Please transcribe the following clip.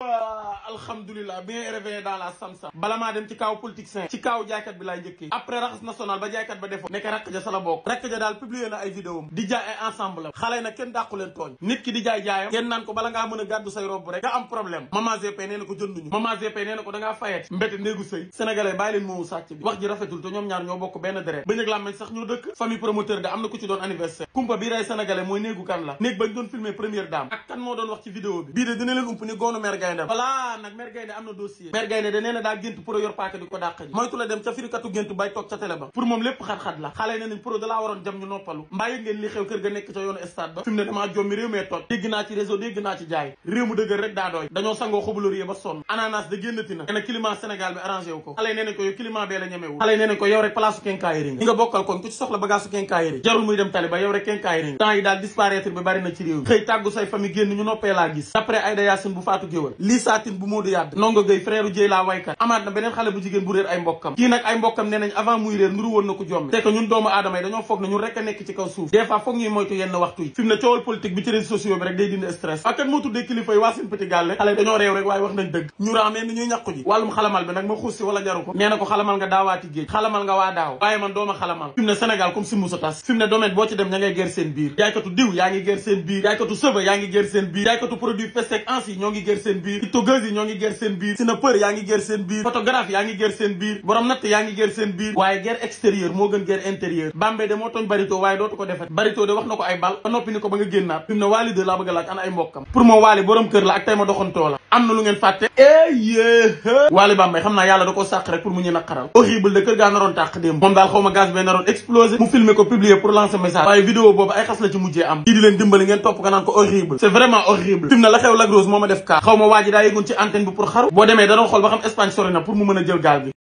Uh... alhamdulilah bien réveillé dans la samsa bala maa dem ci kaaw politicien ci kaaw jaaykat bi laay njëkkee après raxas national ba jaaykat ba defoon nekk rakk ja sa la bokk rakk ja daal publier na ay vidéo di jaay ay ensemble xale na kenn dàqu leen tooñ nit ki di jaay jaayam ngeen naan ko bala ngaa mën gàddu say robb rek nga am problème maman gp nee ko jënduñu maman gp nee ko dangaa fayet mbéte néegu sëy sénégalais bàyyi leen moomu sàcc bi wax ji rafetul Bougane nag mère Gaynde am na dossier mère Gaynde da nee na daa gént yor paaka di ko dàq moytu la dem ca firikatu géntu bay ba yi ne yi daal disparaître bi bari na ci réew xëy tàggu say famille génn ñu noppee laa gis d'après Aïda Yassine bu faatu géwal lii saatin bu Modou Yade nongo gay frère Diey laa waykat amaat na beneen xale bu jigéen bu réer ay mbokkam kii nag ay mbokkam nee avant muy réer nuru woon na ko jommi c'est que ñun doomu aadama yi dañoo foog ne ñun rek a nekk ci kaw suuf des fois foog ñuy moytu yenn waxtu yi fi ne coowal politique bi ci réseaux sociaux bi rek day dindi stress ak moo tuddee kilifa yi waa seen petit galle xale dañoo réew rek waaye wax nañ dëgg ñu raamee ni ñuy ñàqu ji wàllum ñoo ngi ger na ko de laa bëgg a laaj ay mbokkam moom Wally borom kër la na lu eh explosé mu filmer ko publier pour lancer message waaye vidéo boobu ay xas la ci mujjee am kii di leen dimbali ngeen topp ko naan ko horrible c'est vraiment horrible fi mu la xew Lac Rose moo def kaa xaw ma waa ji daa yëgoon antenne bi pour xaru boo demee da doon xool ba xam Espagne sori na pour mu mën a jël gaal gi